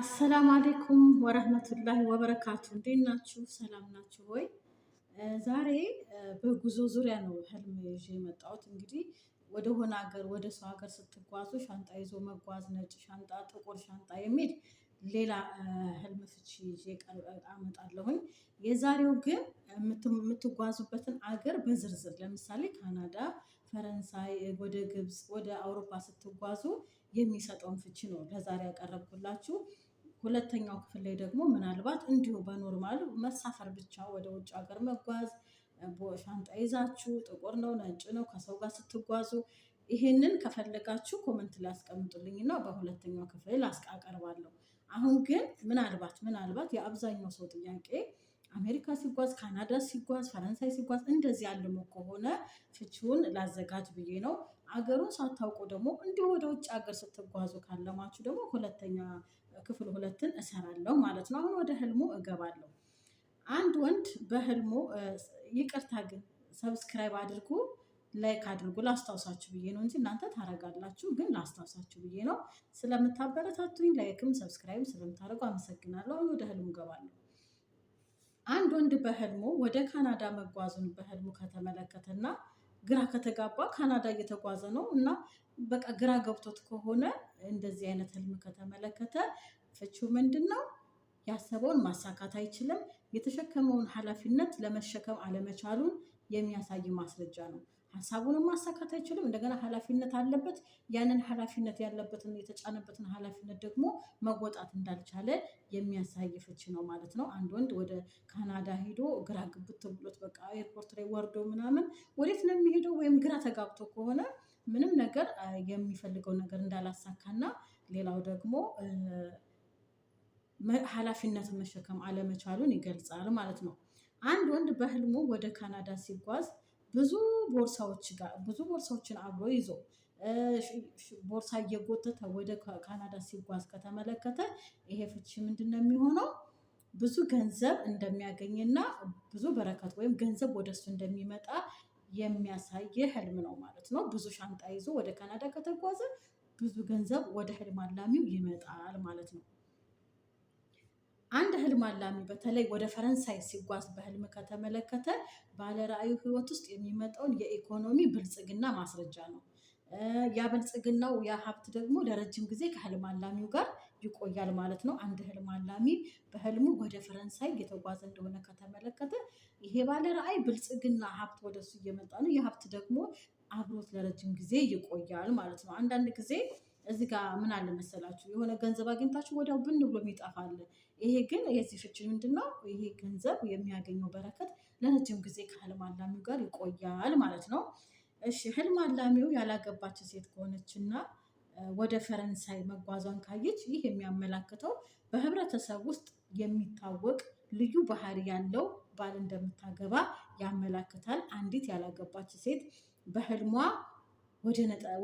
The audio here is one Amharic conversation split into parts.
አሰላም አሌይኩም ወረህመቱላሂ ወበረካቱ። እንዴት ናችሁ? ሰላም ናችሁ ወይ? ዛሬ በጉዞ ዙሪያ ነው ህልም ይዤ የመጣሁት። እንግዲህ ሆነ ሀገር ወደ ሰው ሀገር ስትጓዙ ሻንጣ ይዞ መጓዝ፣ ነጭ ሻንጣ፣ ጥቁር ሻንጣ የሚል ሌላ ህልም ፍቺ ይዤ አመጣለሁኝ። የዛሬው ግን የምትጓዙበትን አገር በዝርዝር ለምሳሌ ካናዳ፣ ፈረንሳይ፣ ወደ ግብፅ፣ ወደ አውሮፓ ስትጓዙ የሚሰጠውን ፍቺ ነው ለዛሬ ያቀረብኩላችሁ። ሁለተኛው ክፍል ላይ ደግሞ ምናልባት እንዲሁ በኖርማል መሳፈር ብቻ ወደ ውጭ ሀገር መጓዝ ሻንጣ ይዛችሁ ጥቁር ነው ነጭ ነው ከሰው ጋር ስትጓዙ ይሄንን ከፈለጋችሁ ኮመንት ላይ አስቀምጡልኝ እና በሁለተኛው ክፍል አቀርባለሁ። አሁን ግን ምናልባት ምናልባት የአብዛኛው ሰው ጥያቄ አሜሪካ ሲጓዝ፣ ካናዳ ሲጓዝ፣ ፈረንሳይ ሲጓዝ እንደዚህ ያልሞ ከሆነ ፍቺውን ላዘጋጅ ብዬ ነው። አገሩን ሳታውቁ ደግሞ እንዲሁ ወደ ውጭ ሀገር ስትጓዙ ካለማችሁ ደግሞ ሁለተኛ ክፍል ሁለትን እሰራለሁ ማለት ነው። አሁን ወደ ህልሙ እገባለሁ። አንድ ወንድ በህልሙ ይቅርታ ግን ሰብስክራይብ አድርጉ ላይክ አድርጉ። ላስታውሳችሁ ብዬ ነው እንጂ እናንተ ታረጋላችሁ፣ ግን ላስታውሳችሁ ብዬ ነው። ስለምታበረታቱኝ ላይክም ሰብስክራይብ ስለምታደርጉ አመሰግናለሁ። አሁን ወደ ህልሙ እገባለሁ። አንድ ወንድ በህልሙ ወደ ካናዳ መጓዙን በህልሙ ከተመለከተና ግራ ከተጋባ ካናዳ እየተጓዘ ነው እና በቃ ግራ ገብቶት ከሆነ እንደዚህ አይነት ህልም ከተመለከተ ፍቺው ምንድን ነው? ያሰበውን ማሳካት አይችልም። የተሸከመውን ኃላፊነት ለመሸከም አለመቻሉን የሚያሳይ ማስረጃ ነው። ሀሳቡንም ማሳካት አይችልም። እንደገና ኃላፊነት አለበት። ያንን ኃላፊነት ያለበትን የተጫነበትን ኃላፊነት ደግሞ መወጣት እንዳልቻለ የሚያሳይ ፍቺ ነው ማለት ነው። አንድ ወንድ ወደ ካናዳ ሄዶ ግራ ግብት ብሎት በቃ ኤርፖርት ላይ ወርዶ ምናምን ወዴት ነው የሚሄደው ወይም ግራ ተጋብቶ ከሆነ ምንም ነገር የሚፈልገው ነገር እንዳላሳካና ሌላው ደግሞ ኃላፊነት መሸከም አለመቻሉን ይገልጻል ማለት ነው። አንድ ወንድ በህልሙ ወደ ካናዳ ሲጓዝ ብዙ ቦርሳዎች ጋር ብዙ ቦርሳዎችን አብሮ ይዞ ቦርሳ እየጎተተ ወደ ካናዳ ሲጓዝ ከተመለከተ ይሄ ፍቺ ምንድን ነው የሚሆነው? ብዙ ገንዘብ እንደሚያገኝና ብዙ በረከት ወይም ገንዘብ ወደ እሱ እንደሚመጣ የሚያሳይ ህልም ነው ማለት ነው። ብዙ ሻንጣ ይዞ ወደ ካናዳ ከተጓዘ ብዙ ገንዘብ ወደ ህልም አላሚው ይመጣል ማለት ነው። አንድ ህልም አላሚ በተለይ ወደ ፈረንሳይ ሲጓዝ በህልም ከተመለከተ ባለ ህይወት ውስጥ የሚመጣውን የኢኮኖሚ ብልጽግና ማስረጃ ነው። ያ ብልጽግናው ያ ሀብት ደግሞ ለረጅም ጊዜ ከህልም አላሚው ጋር ይቆያል ማለት ነው። አንድ ህልም አላሚ በህልሙ ወደ ፈረንሳይ እየተጓዘ እንደሆነ ከተመለከተ ይሄ ባለ ብልጽግና ሀብት ወደሱ እየመጣ ነው። የሀብት ደግሞ አብሮት ለረጅም ጊዜ ይቆያል ማለት ነው። አንዳንድ ጊዜ እዚህ ጋር ምን አለ መሰላችሁ የሆነ ገንዘብ አግኝታችሁ ወዲያው ብን ብሎ ይጠፋል። ይሄ ግን የዚህ ፍቺ ምንድን ነው? ይሄ ገንዘብ የሚያገኘው በረከት ለረጅም ጊዜ ከህልም አላሚው ጋር ይቆያል ማለት ነው። እሺ ህልም አላሚው ያላገባች ሴት ከሆነችና ወደ ፈረንሳይ መጓዟን ካየች ይህ የሚያመላክተው በህብረተሰብ ውስጥ የሚታወቅ ልዩ ባህሪ ያለው ባል እንደምታገባ ያመላክታል። አንዲት ያላገባች ሴት በህልሟ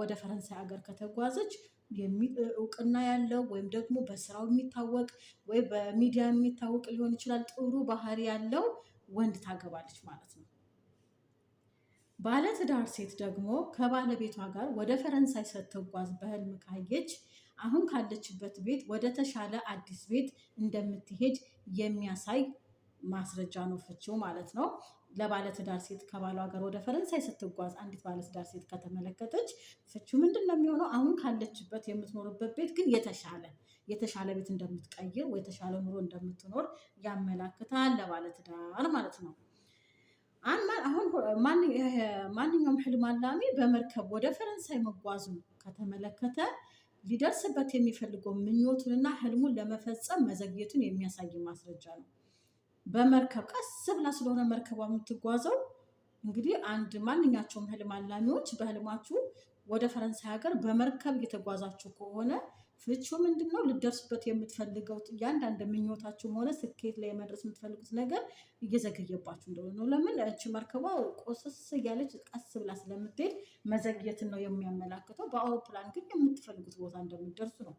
ወደ ፈረንሳይ ሀገር ከተጓዘች እውቅና ያለው ወይም ደግሞ በስራው የሚታወቅ ወይ በሚዲያ የሚታወቅ ሊሆን ይችላል። ጥሩ ባህሪ ያለው ወንድ ታገባለች ማለት ነው። ባለትዳር ሴት ደግሞ ከባለቤቷ ጋር ወደ ፈረንሳይ ስትጓዝ በህልም ካየች አሁን ካለችበት ቤት ወደ ተሻለ አዲስ ቤት እንደምትሄድ የሚያሳይ ማስረጃ ነው ፍቺው ማለት ነው። ለባለትዳር ሴት ከባሏ ጋር ወደ ፈረንሳይ ስትጓዝ አንዲት ባለትዳር ሴት ከተመለከተች ፍቺው ምንድን ነው የሚሆነው? አሁን ካለችበት የምትኖርበት ቤት ግን የተሻለ የተሻለ ቤት እንደምትቀይር ወይ የተሻለ ኑሮ እንደምትኖር ያመላክታል ለባለትዳር ማለት ነው። አሁን ማንኛውም ህልም አላሚ በመርከብ ወደ ፈረንሳይ መጓዙ ከተመለከተ ሊደርስበት የሚፈልገው ምኞቱንና ህልሙን ለመፈጸም መዘግየቱን የሚያሳይ ማስረጃ ነው። በመርከብ ቀስ ብላ ስለሆነ መርከቧ የምትጓዘው። እንግዲህ አንድ ማንኛቸውም ህልም አላሚዎች በህልማችሁ ወደ ፈረንሳይ ሀገር በመርከብ እየተጓዛችሁ ከሆነ ፍቺው ምንድን ነው? ልደርሱበት የምትፈልገው እያንዳንድ ምኞታችሁም ሆነ ስኬት ላይ የመድረስ የምትፈልጉት ነገር እየዘገየባችሁ እንደሆነ ነው። ለምን እች መርከቧ ቆስስ እያለች ቀስ ብላ ስለምትሄድ መዘግየትን ነው የሚያመላክተው። በአውሮፕላን ግን የምትፈልጉት ቦታ እንደምትደርሱ ነው።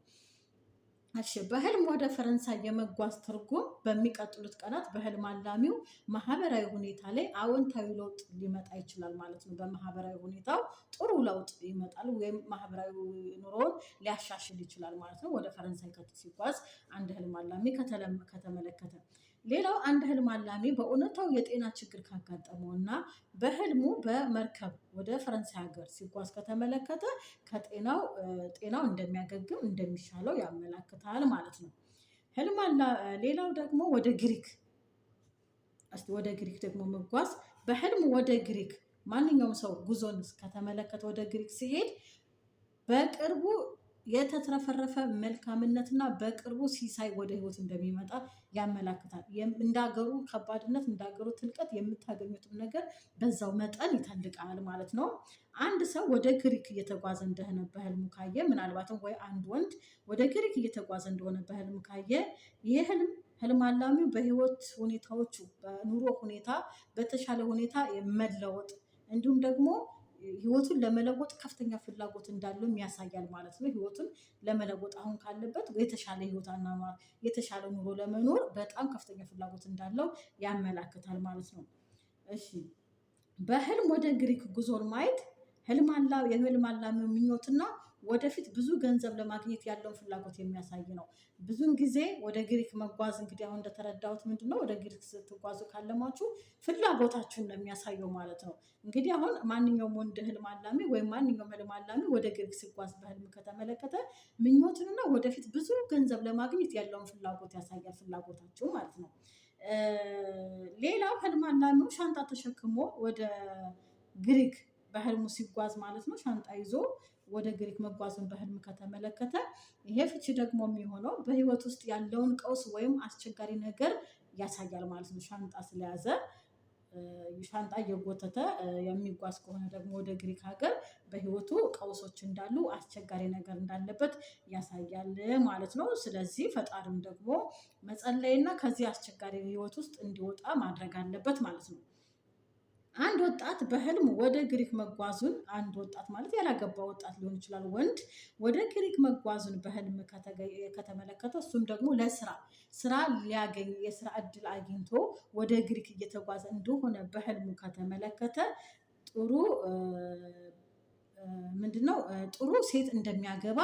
እሺ በህልም ወደ ፈረንሳይ የመጓዝ ትርጉም በሚቀጥሉት ቀናት በህልም አላሚው ማህበራዊ ሁኔታ ላይ አዎንታዊ ለውጥ ሊመጣ ይችላል ማለት ነው። በማህበራዊ ሁኔታው ጥሩ ለውጥ ይመጣል ወይም ማህበራዊ ኑሮውን ሊያሻሽል ይችላል ማለት ነው። ወደ ፈረንሳይ ሲጓዝ አንድ ህልም አላሚ ከተመለከተ ሌላው አንድ ህልም አላሚ በእውነታው የጤና ችግር ካጋጠመው እና በህልሙ በመርከብ ወደ ፈረንሳይ ሀገር ሲጓዝ ከተመለከተ ከጤናው ጤናው እንደሚያገግም እንደሚሻለው ያመላክታል ማለት ነው። ህልም አላ ሌላው ደግሞ ወደ ግሪክ እስቲ ወደ ግሪክ ደግሞ መጓዝ በህልም ወደ ግሪክ ማንኛውም ሰው ጉዞን ከተመለከተ ወደ ግሪክ ሲሄድ በቅርቡ የተትረፈረፈ መልካምነትና በቅርቡ ሲሳይ ወደ ህይወት እንደሚመጣ ያመላክታል። እንዳገሩ ከባድነት እንዳገሩ ትልቀት የምታገኙትም ነገር በዛው መጠን ይተልቃል ማለት ነው። አንድ ሰው ወደ ግሪክ እየተጓዘ እንደሆነ በህልሙ ካየ፣ ምናልባትም ወይ አንድ ወንድ ወደ ግሪክ እየተጓዘ እንደሆነ በህልም ካየ ይህ ህልም ህልም አላሚው በህይወት ሁኔታዎቹ በኑሮ ሁኔታ በተሻለ ሁኔታ መለወጥ እንዲሁም ደግሞ ህይወቱን ለመለወጥ ከፍተኛ ፍላጎት እንዳለው ያሳያል ማለት ነው። ህይወቱን ለመለወጥ አሁን ካለበት የተሻለ ህይወት አኗኗር፣ የተሻለ ኑሮ ለመኖር በጣም ከፍተኛ ፍላጎት እንዳለው ያመላክታል ማለት ነው። እሺ በህልም ወደ ግሪክ ጉዞን ማየት ህልም አላ የህልም አላሚው ምኞትና ወደፊት ብዙ ገንዘብ ለማግኘት ያለውን ፍላጎት የሚያሳይ ነው። ብዙን ጊዜ ወደ ግሪክ መጓዝ እንግዲህ አሁን እንደተረዳሁት ምንድን ነው ወደ ግሪክ ስትጓዙ ካለማችሁ ፍላጎታችሁን ነው የሚያሳየው ማለት ነው። እንግዲህ አሁን ማንኛውም ወንድ ህልም አላሚ ወይም ማንኛውም ህልም አላሚ ወደ ግሪክ ሲጓዝ በህልም ከተመለከተ ምኞትንና ወደፊት ብዙ ገንዘብ ለማግኘት ያለውን ፍላጎት ያሳያል፣ ፍላጎታችሁ ማለት ነው። ሌላው ህልም አላሚው ሻንጣ ተሸክሞ ወደ ግሪክ በህልሙ ሲጓዝ ማለት ነው ሻንጣ ይዞ ወደ ግሪክ መጓዙን በህልም ከተመለከተ ይሄ ፍቺ ደግሞ የሚሆነው በህይወት ውስጥ ያለውን ቀውስ ወይም አስቸጋሪ ነገር ያሳያል ማለት ነው። ሻንጣ ስለያዘ ሻንጣ እየጎተተ የሚጓዝ ከሆነ ደግሞ ወደ ግሪክ ሀገር በህይወቱ ቀውሶች እንዳሉ አስቸጋሪ ነገር እንዳለበት ያሳያል ማለት ነው። ስለዚህ ፈጣሪም ደግሞ መጸለይና ከዚህ አስቸጋሪ ህይወት ውስጥ እንዲወጣ ማድረግ አለበት ማለት ነው። አንድ ወጣት በህልም ወደ ግሪክ መጓዙን አንድ ወጣት ማለት ያላገባ ወጣት ሊሆን ይችላል። ወንድ ወደ ግሪክ መጓዙን በህልም ከተመለከተ እሱም ደግሞ ለስራ ስራ ሊያገኝ የስራ እድል አግኝቶ ወደ ግሪክ እየተጓዘ እንደሆነ በህልሙ ከተመለከተ ጥሩ ምንድነው ጥሩ ሴት እንደሚያገባ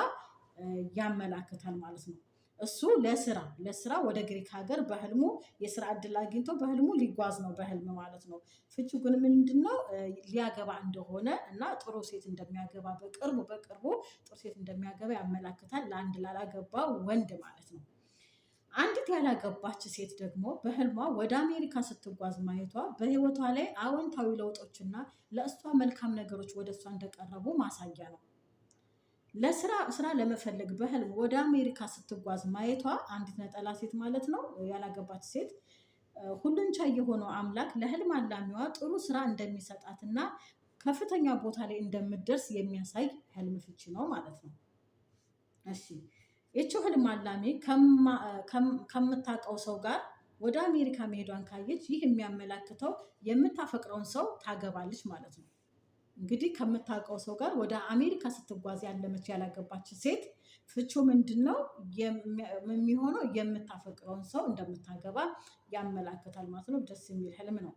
ያመላክታል ማለት ነው። እሱ ለስራ ለስራ ወደ ግሪክ ሀገር በህልሙ የስራ እድል አግኝቶ በህልሙ ሊጓዝ ነው፣ በህልም ማለት ነው። ፍቺው ግን ምንድን ነው? ሊያገባ እንደሆነ እና ጥሩ ሴት እንደሚያገባ በቅርቡ በቅርቡ ጥሩ ሴት እንደሚያገባ ያመላክታል፣ ለአንድ ላላገባ ወንድ ማለት ነው። አንዲት ያላገባች ሴት ደግሞ በህልሟ ወደ አሜሪካ ስትጓዝ ማየቷ በህይወቷ ላይ አዎንታዊ ለውጦችና ለእሷ መልካም ነገሮች ወደ እሷ እንደቀረቡ ማሳያ ነው። ለስራ ስራ ለመፈለግ በህልም ወደ አሜሪካ ስትጓዝ ማየቷ አንዲት ነጠላ ሴት ማለት ነው ያላገባች ሴት ሁሉን ቻይ የሆነው አምላክ ለህልም አላሚዋ ጥሩ ስራ እንደሚሰጣትና ከፍተኛ ቦታ ላይ እንደምደርስ የሚያሳይ ህልም ፍቺ ነው ማለት ነው። እሺ ይቺ ህልም አላሚ ከምታውቀው ሰው ጋር ወደ አሜሪካ መሄዷን ካየች ይህ የሚያመላክተው የምታፈቅረውን ሰው ታገባለች ማለት ነው። እንግዲህ ከምታውቀው ሰው ጋር ወደ አሜሪካ ስትጓዝ ያለመች ያላገባች ሴት ፍቹ ምንድን ነው የሚሆነው? የምታፈቅረውን ሰው እንደምታገባ ያመላክታል ማለት ነው። ደስ የሚል ህልም ነው።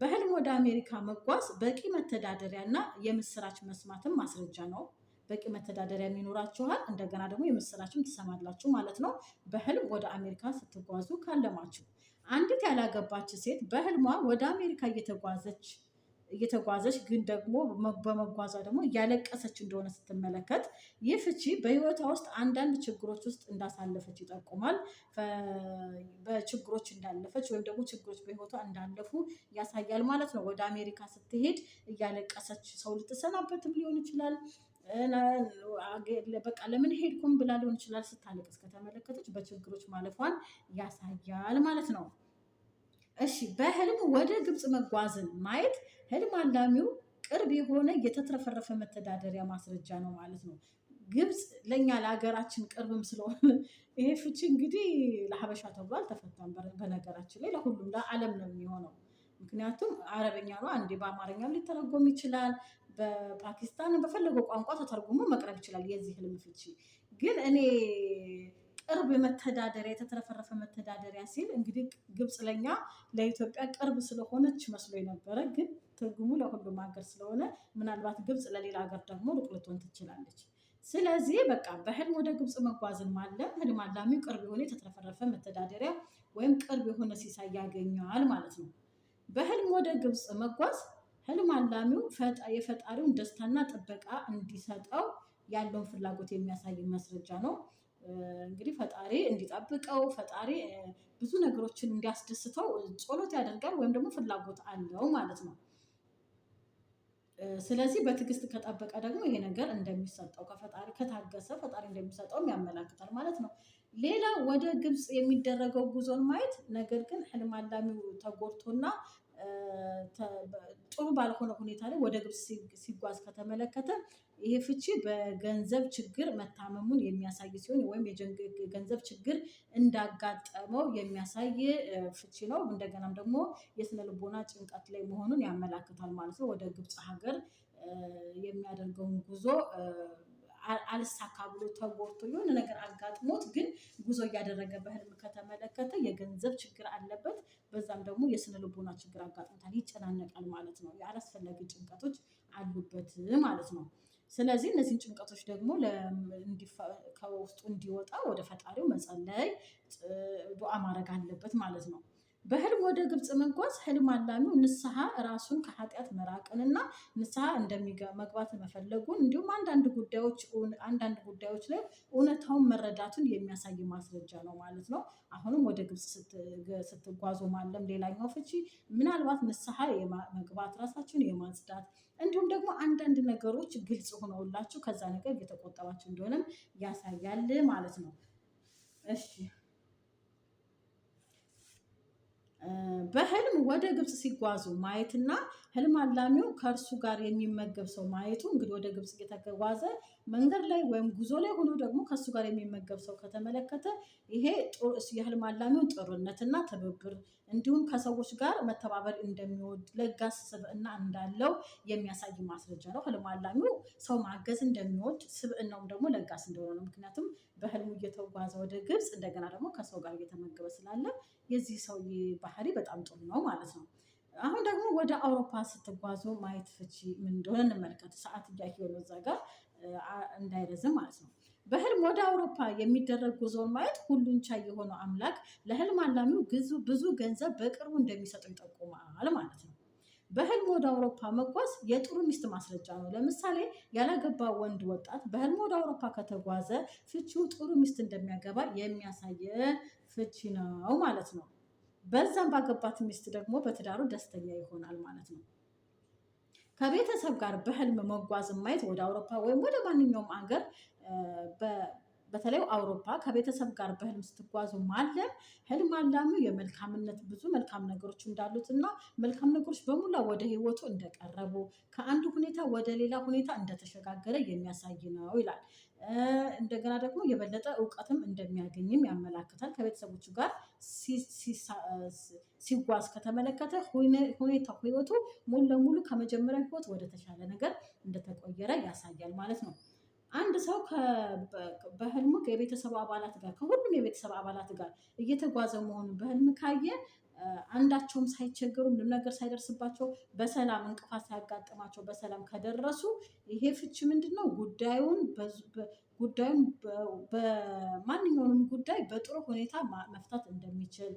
በህልም ወደ አሜሪካ መጓዝ በቂ መተዳደሪያ እና የምስራች መስማትም ማስረጃ ነው። በቂ መተዳደሪያ የሚኖራችኋል፣ እንደገና ደግሞ የምስራችም ትሰማላችሁ ማለት ነው። በህልም ወደ አሜሪካ ስትጓዙ ካለማችሁ አንዲት ያላገባች ሴት በህልሟ ወደ አሜሪካ እየተጓዘች እየተጓዘች ግን ደግሞ በመጓዟ ደግሞ እያለቀሰች እንደሆነ ስትመለከት ይህ ፍቺ በህይወቷ ውስጥ አንዳንድ ችግሮች ውስጥ እንዳሳለፈች ይጠቁማል። በችግሮች እንዳለፈች ወይም ደግሞ ችግሮች በህይወቷ እንዳለፉ ያሳያል ማለት ነው። ወደ አሜሪካ ስትሄድ እያለቀሰች ሰው ልትሰናበትም ሊሆን ይችላል። በቃ ለምን ሄድኩም ብላ ሊሆን ይችላል። ስታለቅስ ከተመለከተች በችግሮች ማለፏን ያሳያል ማለት ነው። እሺ በህልም ወደ ግብፅ መጓዝን ማየት ህልም አላሚው ቅርብ የሆነ የተትረፈረፈ መተዳደሪያ ማስረጃ ነው ማለት ነው። ግብፅ ለእኛ ለሀገራችን ቅርብም ስለሆነ ይሄ ፍቺ እንግዲህ ለሀበሻ ተብሎ አልተፈታም። በነገራችን ላይ ለሁሉም ለዓለም ነው የሚሆነው። ምክንያቱም አረበኛ ነው አንዴ በአማርኛ ሊተረጎም ይችላል፣ በፓኪስታን በፈለገው ቋንቋ ተተርጉሞ መቅረብ ይችላል። የዚህ ህልም ፍቺ ግን እኔ ቅርብ መተዳደሪያ የተትረፈረፈ መተዳደሪያ ሲል እንግዲህ ግብፅ ለኛ ለኢትዮጵያ ቅርብ ስለሆነች መስሎ የነበረ ግን ትርጉሙ ለሁሉም ሀገር ስለሆነ ምናልባት ግብፅ ለሌላ ሀገር ደግሞ ሩቅ ልትሆን ትችላለች። ስለዚህ በቃ በህልም ወደ ግብፅ መጓዝን ማለ ህልም አላሚው ቅርብ የሆነ የተትረፈረፈ መተዳደሪያ ወይም ቅርብ የሆነ ሲሳይ ያገኘዋል ማለት ነው። በህልም ወደ ግብፅ መጓዝ ህልም አላሚው የፈጣሪውን ደስታና ጥበቃ እንዲሰጠው ያለውን ፍላጎት የሚያሳይ ማስረጃ ነው። እንግዲህ ፈጣሪ እንዲጠብቀው ፈጣሪ ብዙ ነገሮችን እንዲያስደስተው ጸሎት ያደርጋል ወይም ደግሞ ፍላጎት አለው ማለት ነው። ስለዚህ በትዕግስት ከጠበቀ ደግሞ ይሄ ነገር እንደሚሰጠው ከፈጣሪ ከታገሰ ፈጣሪ እንደሚሰጠውም ያመላክታል ማለት ነው። ሌላ ወደ ግብጽ የሚደረገው ጉዞን ማየት ነገር ግን ህልም አላሚው ተጎድቶና ጥሩ ባልሆነ ሁኔታ ላይ ወደ ግብፅ ሲጓዝ ከተመለከተ ይሄ ፍቺ በገንዘብ ችግር መታመሙን የሚያሳይ ሲሆን ወይም የገንዘብ ችግር እንዳጋጠመው የሚያሳይ ፍቺ ነው። እንደገናም ደግሞ የስነ ልቦና ጭንቀት ላይ መሆኑን ያመላክታል ማለት ነው። ወደ ግብፅ ሀገር የሚያደርገውን ጉዞ አልሳካ ብሎ ተጎድቶ የሆነ ነገር አጋጥሞት ግን ጉዞ እያደረገ በህልም ከተመለከተ የገንዘብ ችግር አለበት። በዛም ደግሞ የስነ ልቦና ችግር አጋጥሞታል፣ ይጨናነቃል ማለት ነው። የአላስፈላጊ ጭንቀቶች አሉበት ማለት ነው። ስለዚህ እነዚህን ጭንቀቶች ደግሞ ከውስጡ እንዲወጣ ወደ ፈጣሪው መጸለይ፣ ዱዓ ማድረግ አለበት ማለት ነው። በህልም ወደ ግብፅ መጓዝ ህልም አላሚው ንስሐ ራሱን ከኃጢአት መራቅንና ንስሐ እንደመግባት መፈለጉን እንዲሁም አንዳንድ ጉዳዮች አንዳንድ ጉዳዮች ላይ እውነታውን መረዳቱን የሚያሳይ ማስረጃ ነው ማለት ነው። አሁንም ወደ ግብፅ ስትጓዙ ማለም ሌላኛው ፍቺ ምናልባት ንስሐ የመግባት ራሳችሁን የማጽዳት እንዲሁም ደግሞ አንዳንድ ነገሮች ግልጽ ሆነውላችሁ ከዛ ነገር እየተቆጠባችሁ እንደሆነም ያሳያል ማለት ነው። እሺ በህልም ወደ ግብፅ ሲጓዙ ማየትና ህልም አላሚው ከእርሱ ጋር የሚመገብ ሰው ማየቱ እንግዲህ ወደ ግብፅ እየተጓዘ መንገድ ላይ ወይም ጉዞ ላይ ሆኖ ደግሞ ከእሱ ጋር የሚመገብ ሰው ከተመለከተ ይሄ የህልም አላሚውን ጥሩነትና ትብብር እንዲሁም ከሰዎች ጋር መተባበር እንደሚወድ ለጋስ ስብዕና እንዳለው የሚያሳይ ማስረጃ ነው። ህልም አላሚው ሰው ማገዝ እንደሚወድ ስብዕናውም ደግሞ ለጋስ እንደሆነ ነው። ምክንያቱም በህልሙ እየተጓዘ ወደ ግብፅ እንደገና ደግሞ ከሰው ጋር እየተመገበ ስላለ የዚህ ሰው ባህሪ በጣም ጥሩ ነው ማለት ነው። አሁን ደግሞ ወደ አውሮፓ ስትጓዙ ማየት ፍቺ ምን እንደሆነ እንመልከት። ሰዓት እያየሆነ እዛ ጋር እንዳይረዝም ማለት ነው። በህልም ወደ አውሮፓ የሚደረግ ጉዞን ማየት ሁሉን ቻይ የሆነው አምላክ ለህልም አላሚው ብዙ ገንዘብ በቅርቡ እንደሚሰጠው ይጠቁማል ማለት ነው። በህልም ወደ አውሮፓ መጓዝ የጥሩ ሚስት ማስረጃ ነው። ለምሳሌ ያላገባ ወንድ ወጣት በህልም ወደ አውሮፓ ከተጓዘ ፍቺው ጥሩ ሚስት እንደሚያገባ የሚያሳየ ፍቺ ነው ማለት ነው። በዛም ባገባት ሚስት ደግሞ በትዳሩ ደስተኛ ይሆናል ማለት ነው። ከቤተሰብ ጋር በህልም መጓዝ ማየት ወደ አውሮፓ ወይም ወደ ማንኛውም አገር በተለይ አውሮፓ ከቤተሰብ ጋር በህልም ስትጓዙ ማለም ህልም አላሚው የመልካምነት ብዙ መልካም ነገሮች እንዳሉት እና መልካም ነገሮች በሙላ ወደ ህይወቱ እንደቀረቡ ከአንድ ሁኔታ ወደ ሌላ ሁኔታ እንደተሸጋገረ የሚያሳይ ነው ይላል። እንደገና ደግሞ የበለጠ እውቀትም እንደሚያገኝም ያመላክታል። ከቤተሰቦቹ ጋር ሲጓዝ ከተመለከተ ሁኔታ ህይወቱ ሙሉ ለሙሉ ከመጀመሪያ ህይወት ወደ ተሻለ ነገር እንደተቆየረ ያሳያል ማለት ነው። አንድ ሰው በህልሙ ከቤተሰቡ አባላት ጋር ከሁሉም የቤተሰብ አባላት ጋር እየተጓዘ መሆኑን በህልም ካየ አንዳቸውም ሳይቸገሩ ምንም ነገር ሳይደርስባቸው በሰላም እንቅፋት ሳያጋጥማቸው በሰላም ከደረሱ ይሄ ፍቺ ምንድን ነው? ጉዳዩን ጉዳዩን በማንኛውንም ጉዳይ በጥሩ ሁኔታ መፍታት እንደሚችል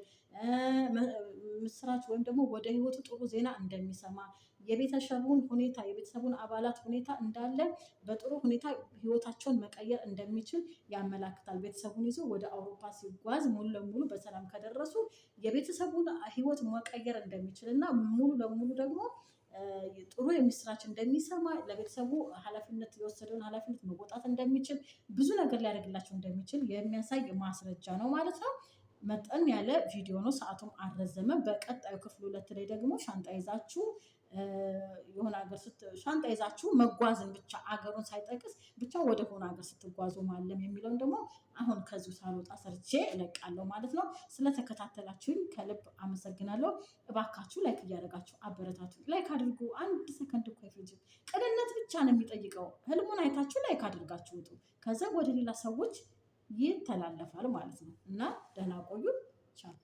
ምስራች ወይም ደግሞ ወደ ህይወቱ ጥሩ ዜና እንደሚሰማ የቤተሰቡን ሁኔታ የቤተሰቡን አባላት ሁኔታ እንዳለ በጥሩ ሁኔታ ህይወታቸውን መቀየር እንደሚችል ያመላክታል። ቤተሰቡን ይዞ ወደ አውሮፓ ሲጓዝ ሙሉ ለሙሉ በሰላም ከደረሱ የቤተሰቡን ህይወት መቀየር እንደሚችል እና ሙሉ ለሙሉ ደግሞ ጥሩ የምስራች እንደሚሰማ ለቤተሰቡ ኃላፊነት የወሰደውን ኃላፊነት መወጣት እንደሚችል ብዙ ነገር ሊያደርግላቸው እንደሚችል የሚያሳይ ማስረጃ ነው ማለት ነው። መጠን ያለ ቪዲዮ ነው። ሰዓቱም አረዘመ በቀጣዩ ክፍል ሁለት ላይ ደግሞ ሻንጣ ይዛችሁ የሆነ ሀገር ሻንጣ ይዛችሁ መጓዝን ብቻ አገሩን ሳይጠቅስ ብቻ ወደ ሆነ ሀገር ስትጓዙ ማለም የሚለውን ደግሞ አሁን ከዚሁ ሳልወጣ ሰርቼ እለቃለሁ ማለት ነው። ስለተከታተላችሁኝ ከልብ አመሰግናለሁ። እባካችሁ ላይክ እያደረጋችሁ አበረታቱ። ላይክ አድርጉ። አንድ ሰከንድ እኮ አይፈጅም። ቅንነት ብቻ ነው የሚጠይቀው። ህልሙን አይታችሁ ላይክ አድርጋችሁ ውጡ። ከዛ ወደ ሌላ ሰዎች ይተላለፋል ማለት ነው እና ደህና ቆዩ። ቻው